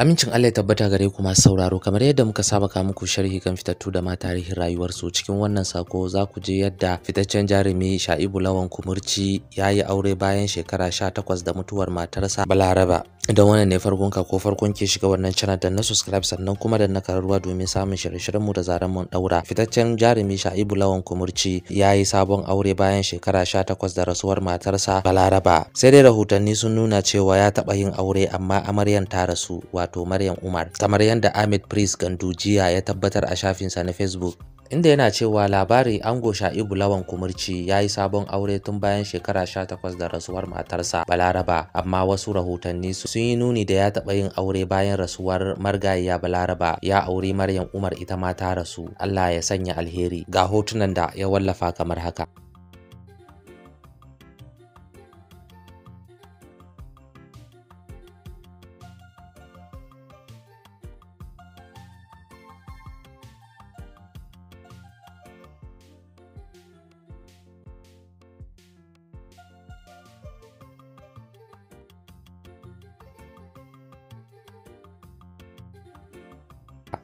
Amincin Allah ya tabbata gare ku masu sauraro kamar yadda muka saba ka muku sharhi kan fitattu da ma tarihin rayuwarsu cikin wannan sako za ku je yadda fitaccen jarumi Sha'ibu Lawan Kumurci ya yi aure bayan shekara 18 da mutuwar matarsa Balaraba. Idan wannan ne farkon ka ko farkon ke shiga wannan channel da na subscribe sannan kuma da na kararwa domin samun shirye-shiryen mu da zaran mun daura. Fitaccen jarumi Sha'ibu Lawan Kumurci ya yi sabon aure bayan shekara 18 da rasuwar matarsa Balaraba. Sai dai rahotanni sun nuna cewa ya taba yin aure amma amaryan ta rasu wato Maryam Umar kamar yadda Ahmed Prince Gandujiya ya tabbatar a shafinsa na Facebook inda yana cewa labari ango sha'ibu lawan kumurci ya yi sabon aure tun bayan shekara 18 da rasuwar matarsa balaraba amma wasu rahotanni sun yi nuni da ya taɓa yin aure bayan rasuwar margayiya balaraba ya auri maryam umar ita ma ta rasu allah ya sanya alheri ga hotunan da ya wallafa kamar haka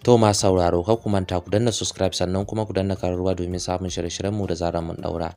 To ma sauraro ka ku manta ku danna subscribe sannan kuma ku danna kararrawa domin samun shirye-shiryenmu da zarar mun daura.